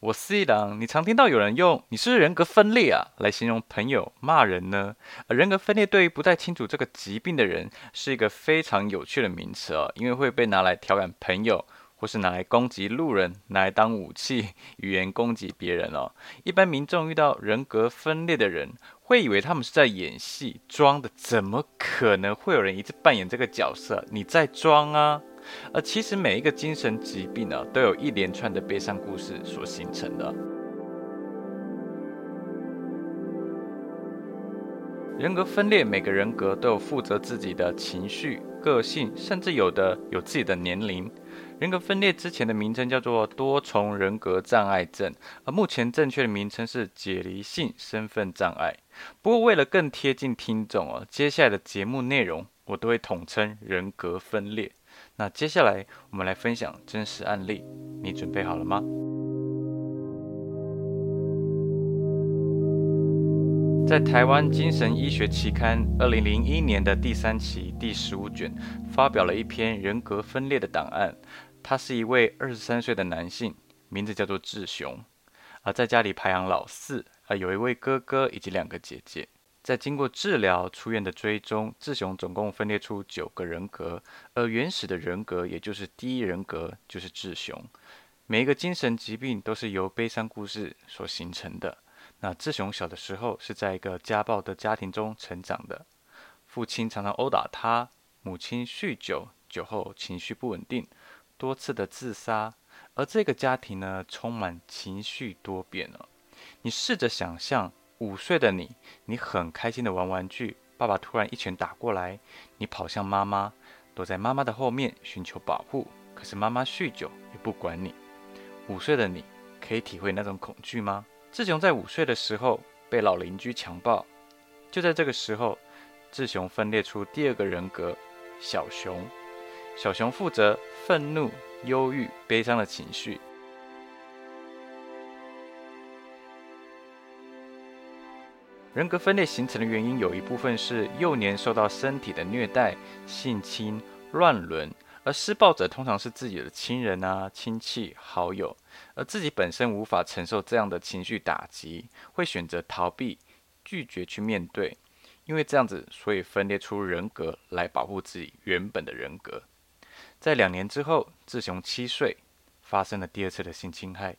我是一郎，你常聽到有人用“你是不是人格分裂啊”來形容朋友罵人呢？呃，人格分裂對於不太清楚這個疾病的人，是一個非常有趣的名詞哦，因為會被拿來調侃朋友，或是拿來攻擊路人，拿來當武器語言攻擊別人哦。一般民眾遇到人格分裂的人，會以為他們是在演戲裝的，怎麼可能會有人一直扮演這個角色？你在裝啊！而其實每一個精神疾病呢、啊，都有一連串的悲傷故事所形成的。人格分裂，每個人格都有負責自己的情緒、個性，甚至有的有自己的年齡。人格分裂之前的名稱叫做多重人格障礙症，而目前正確的名稱是解離性身份障礙。不過，為了更貼近聽眾哦、啊，接下來的節目內容我都會統稱人格分裂。那接下來我們來分享真實案例，你準備好了嗎？在台灣精神醫學期刊二零零一年的第三期第十五卷，發表了一篇人格分裂的檔案。他是一位二十三歲的男性，名字叫做志雄，而在家裡排行老四，啊，有一位哥哥以及兩個姐姐。在經過治療出院的追蹤，志雄總共分裂出九個人格，而原始的人格，也就是第一人格，就是志雄。每一個精神疾病都是由悲傷故事所形成的。那志雄小的時候是在一個家暴的家庭中成長的，父親常常毆打他，母親酗酒，酒後情緒不穩定，多次的自殺。而這個家庭呢，充滿情緒多變了哦，你試着想象。五歲的你，你很開心的玩玩具。爸爸突然一拳打過來，你跑向媽媽，躲在媽媽的後面尋求保護。可是媽媽酗酒也不管你。五歲的你可以體會那種恐懼嗎？志雄在五歲的時候被老鄰居強暴，就在這個時候，志雄分裂出第二個人格——小熊。小熊負責憤怒、憂鬱、悲傷的情緒。人格分裂形成的原因有一部分是幼年受到身體的虐待、性侵、亂倫，而施暴者通常是自己的親人啊、親戚、好友，而自己本身無法承受這樣的情緒打擊，會選擇逃避、拒絕去面對，因為這樣子，所以分裂出人格來保護自己原本的人格。在兩年之後，志雄七歲發生了第二次的性侵害，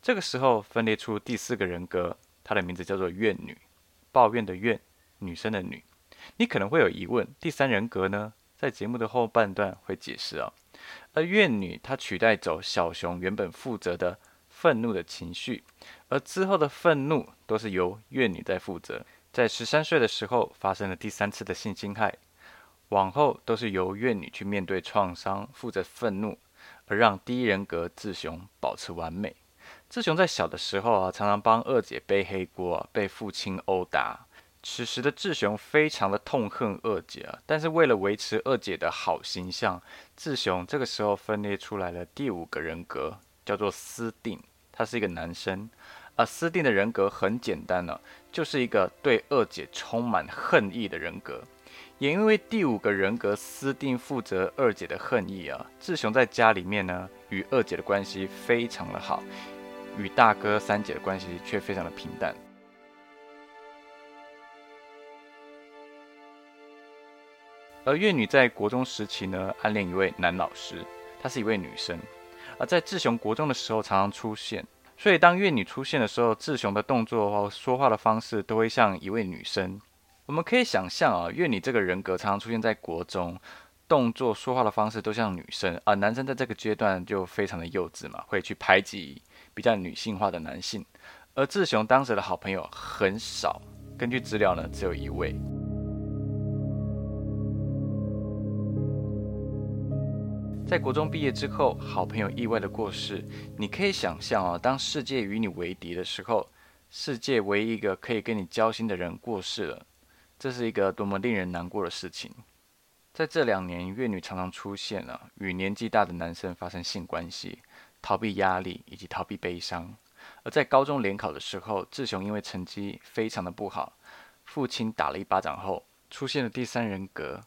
這個時候分裂出第四個人格，他的名字叫做怨女。抱怨的怨，女生的女，你可能會有疑問，第三人格呢？在節目的後半段會解釋啊、哦。而怨女她取代走小熊原本負責的憤怒的情緒，而之後的憤怒都是由怨女在負責。在十三歲的時候發生了第三次的性侵害，往後都是由怨女去面對創傷，負責憤怒，而讓第一人格志雄保持完美。志雄在小的時候啊，常常幫二姐背黑鍋、啊，被父親毆打。此時的志雄非常的痛恨二姐啊，但是為了維持二姐的好形象，志雄這個時候分裂出來了第五個人格，叫做斯定。他是一個男生，啊，斯定的人格很簡單呢、啊，就是一個對二姐充滿恨意的人格。也因為第五個人格斯定負責二姐的恨意啊，志雄在家裡面呢，與二姐的關係非常的好。與大哥三姐的關係卻非常的平淡。而月女在國中時期呢，暗戀一位男老師，她是一位女生。而在志雄國中的時候，常常出現，所以當月女出現的時候，志雄的動作和說話的方式都會像一位女生。我們可以想象啊、哦，月女這個人格常常出現在國中，動作說話的方式都像女生，而、呃、男生在這個階段就非常的幼稚嘛，會去排擠。比較女性化的男性，而志雄當時的好朋友很少。根據資料呢，只有一位。在國中畢業之後，好朋友意外的過世。你可以想象啊，當世界與你為敵的時候，世界唯一一個可以跟你交心的人過世了，這是一個多麼令人難過的事情。在這兩年，月女常常出現啊，與年紀大的男生發生性關係。逃避壓力以及逃避悲傷，而在高中聯考的時候，志雄因為成績非常的不好，父親打了一巴掌後出現了第三人格。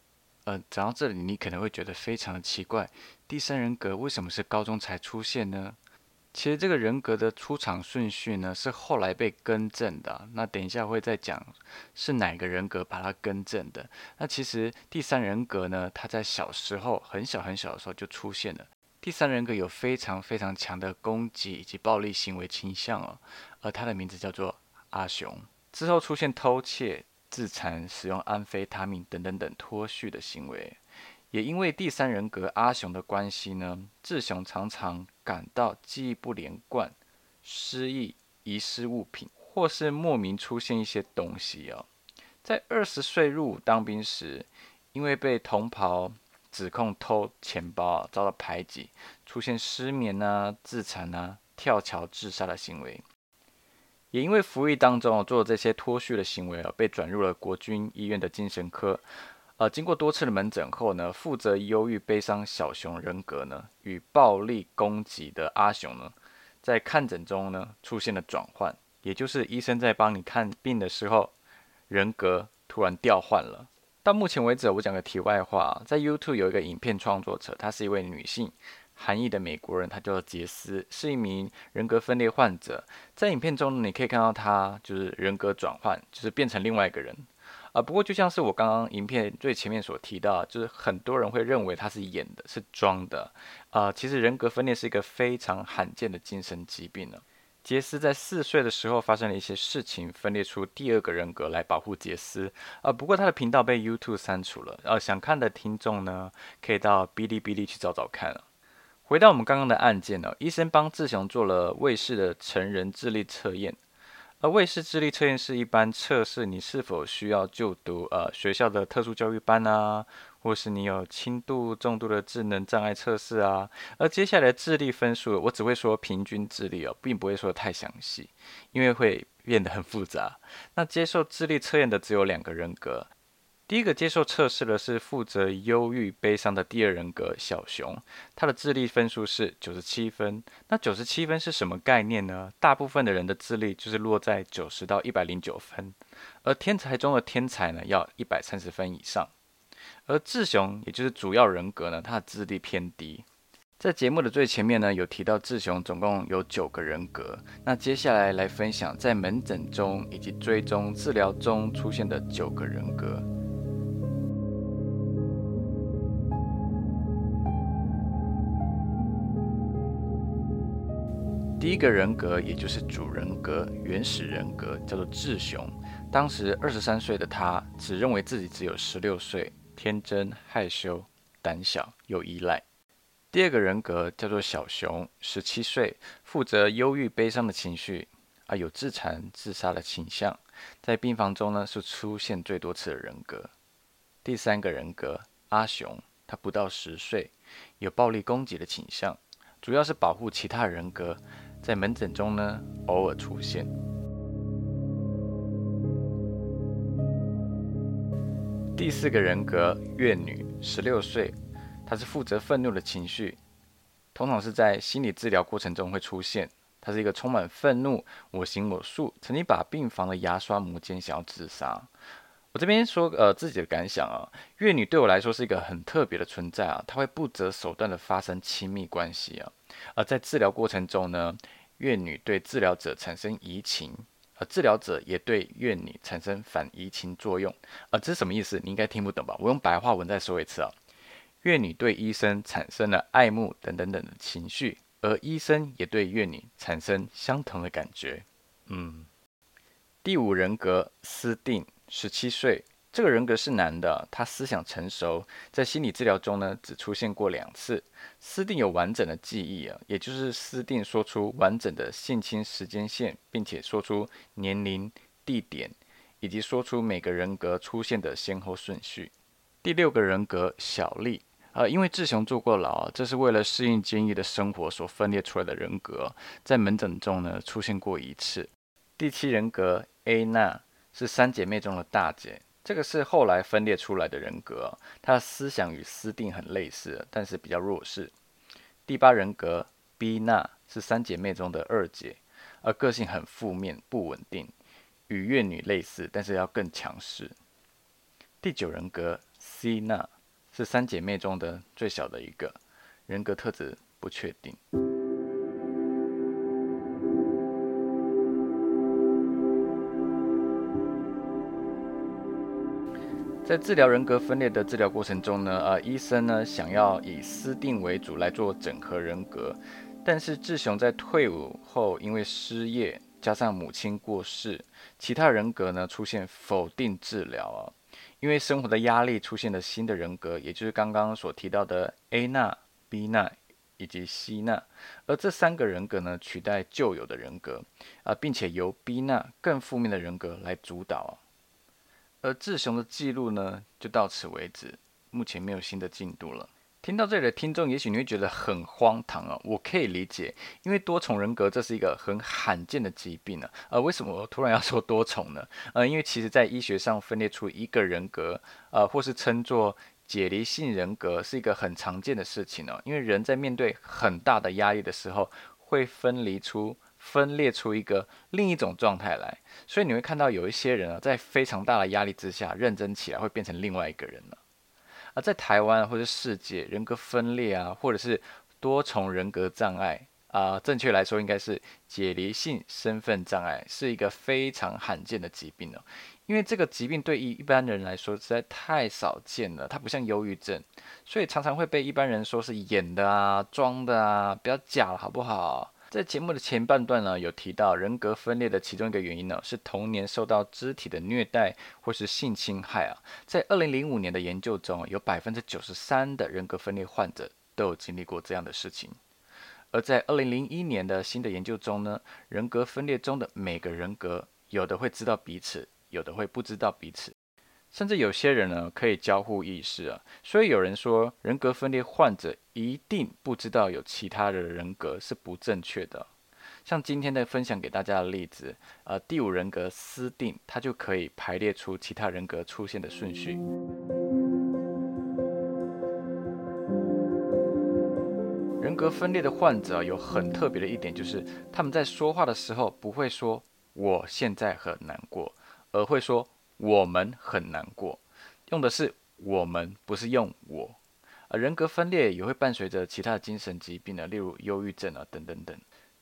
呃，講到這裡，你可能會覺得非常的奇怪，第三人格為什麼是高中才出現呢？其實這個人格的出場順序呢，是後來被更正的。那等一下會再講是哪個人格把它更正的。那其實第三人格呢，他在小時候很小很小的時候就出現了。第三人格有非常非常強的攻擊以及暴力行為傾向哦，而他的名字叫做阿雄。之後出現偷竊、自殘、使用安非他命等等等脫序的行為，也因為第三人格阿雄的關係呢，志雄常常感到記憶不連貫、失憶、遺失物品，或是莫名出現一些東西哦。在二十歲入伍當兵時，因為被同袍指控偷錢包啊，遭到排擠，出現失眠啊、自殘啊、跳橋自殺的行為，也因為服役當中做這些脫序的行為啊，被轉入了國軍醫院的精神科。呃，經過多次的門診後呢，負責憂鬱悲傷小熊人格呢，與暴力攻擊的阿雄呢，在看診中呢出現了轉換，也就是醫生在幫你看病的時候，人格突然調換了。到目前為止，我講個題外話，在 YouTube 有一個影片創作者，她是一位女性，韓裔的美國人，她叫做傑斯，是一名人格分裂患者。在影片中，你可以看到她就是人格轉換，就是變成另外一個人啊、呃。不過，就像是我剛剛影片最前面所提到的，就是很多人會認為她是演的，是裝的啊、呃。其實，人格分裂是一個非常罕見的精神疾病呢、啊。傑斯在四歲的時候發生了一些事情，分裂出第二個人格來保護傑斯啊、呃。不過他的頻道被 YouTube 刪除了，呃，想看的聽眾呢，可以到嗶哩嗶哩去找找看。回到我們剛剛的案件呢，醫生幫志雄做了魏氏的成人智力測驗。呃、魏氏智力測驗是一般測試你是否需要就讀呃學校的特殊教育班啊，或是你有輕度、重度的智能障礙測試啊。而接下來智力分數，我只會說平均智力哦，並不會說太詳細，因為會變得很複雜。那接受智力測驗的只有兩個人格。第一個接受測試的是負責憂鬱悲傷的第二人格小熊，他的智力分數是九十七分。那九十七分是什麼概念呢？大部分的人的智力就是落在九十到一百零九分，而天才中的天才呢，要一百三十分以上。而志雄，也就是主要人格呢，他的智力偏低。在節目的最前面呢，有提到志雄總共有九個人格。那接下來來分享在門診中以及追蹤治療中出現的九個人格。第一個人格，也就是主人格、原始人格，叫做智雄。當時二十三歲的他，只認為自己只有十六歲，天真、害羞、膽小又依賴。第二個人格叫做小熊，十七歲，負責憂鬱、悲傷的情緒，啊，有自殘、自殺的傾向，在病房中呢是出現最多次的人格。第三個人格阿熊，他不到十歲，有暴力攻擊的傾向，主要是保護其他人格。在門診中呢，偶爾出現。第四個人格怨女，十六歲，她是負責憤怒的情緒，通常是在心理治療過程中會出現。她是一個充滿憤怒、我行我素，曾經把病房的牙刷磨尖，想要自殺。我這邊說，呃，自己的感想啊，怨女對我來說是一個很特別的存在啊，她會不擇手段的發生親密關係啊，而、呃、在治療過程中呢，怨女對治療者產生移情，而、呃、治療者也對怨女產生反移情作用，呃，這是什麼意思？你應該聽不懂吧？我用白話文再說一次啊，怨女對醫生產生了愛慕等等等的情緒，而醫生也對怨女產生相同的感覺。嗯，第五人格私定，十七歲，這個人格是男的，他思想成熟，在心理治療中呢只出現過兩次。私定有完整的記憶啊，也就是私定說出完整的性侵時間線，並且說出年齡、地點，以及說出每個人格出現的先後順序。第六個人格小麗啊、呃，因為志雄坐過牢，這是為了適應監獄的生活所分裂出來的人格，在門診中呢出現過一次。第七人格 A 娜。Na, 是三姐妹中的大姐，這個是後來分裂出來的人格，她的思想與私定很類似，但是比較弱勢。第八人格 B 娜是三姐妹中的二姐，而個性很負面不穩定，與怨女類似，但是要更強勢。第九人格 C 娜是三姐妹中的最小的一個，人格特質不確定。在治療人格分裂的治療過程中呢，呃，醫生呢想要以私定為主來做整合人格，但是志雄在退伍後因為失業，加上母親過世，其他人格呢出現否定治療啊、哦，因為生活的壓力出現了新的人格，也就是剛剛所提到的 A 娜、B 娜以及 C 娜，而這三個人格呢取代舊有的人格啊、呃，並且由 B 娜更負面的人格來主導、哦。而志雄的記錄呢，就到此為止，目前沒有新的進度了。聽到這裡的聽眾，也許你會覺得很荒唐啊、哦。我可以理解，因為多重人格這是一個很罕見的疾病呢、啊。呃，為什麼我突然要說多重呢？呃，因為其實，在醫學上分裂出一個人格，呃，或是稱作解離性人格，是一個很常見的事情呢、哦。因為人在面對很大的壓力的時候，會分離出。分裂出一個另一種狀態來，所以你會看到有一些人啊，在非常大的壓力之下，認真起來會變成另外一個人了。而、呃、在台灣或者世界，人格分裂啊，或者是多重人格障礙啊、呃，正確來說應該是解離性身份障礙，是一個非常罕見的疾病呢、啊。因為這個疾病對於一般人來說實在太少見了，它不像憂鬱症，所以常常會被一般人說是演的啊、裝的啊，比較假了，好不好？在節目的前半段呢，有提到人格分裂的其中一個原因呢，是童年受到肢體的虐待或是性侵害啊。在二零零五年的研究中，有百分之九十三的人格分裂患者都有經歷過這樣的事情。而在二零零一年的新的研究中呢，人格分裂中的每個人格，有的會知道彼此，有的會不知道彼此。甚至有些人呢，可以交互意識啊，所以有人說人格分裂患者一定不知道有其他的人格是不正確的。像今天的分享給大家的例子，呃，第五人格私定，他就可以排列出其他人格出現的順序。人格分裂的患者啊，有很特別的一點，就是他們在說話的時候不會說“我現在很難過”，而會說。我們很難過，用的是我們，不是用我。而人格分裂也會伴隨着其他精神疾病呢、啊，例如憂鬱症啊，等等等。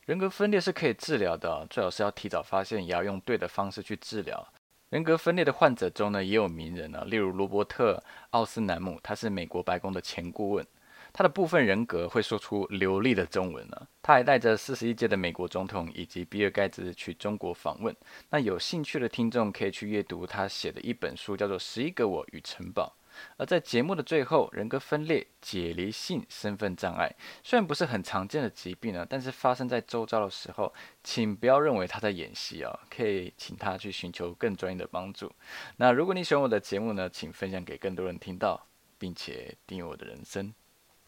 人格分裂是可以治療的、啊，最好是要提早發現，也要用對的方式去治療。人格分裂的患者中呢，也有名人呢、啊，例如羅伯特·奧斯南姆，他是美國白宮的前顧問。他的部分人格會說出流利的中文呢、啊。他還帶着四十一屆的美國總統以及比爾蓋茨去中國訪問。那有興趣的聽眾可以去閱讀他寫的一本書，叫做《十一個我與城堡》。而在節目的最後，人格分裂、解離性身份障礙雖然不是很常見的疾病啊，但是發生在周遭的時候，請不要認為他在演戲哦、啊。可以請他去尋求更專業的幫助。那如果你喜歡我的節目呢，請分享給更多人聽到，並且訂閱我的人生。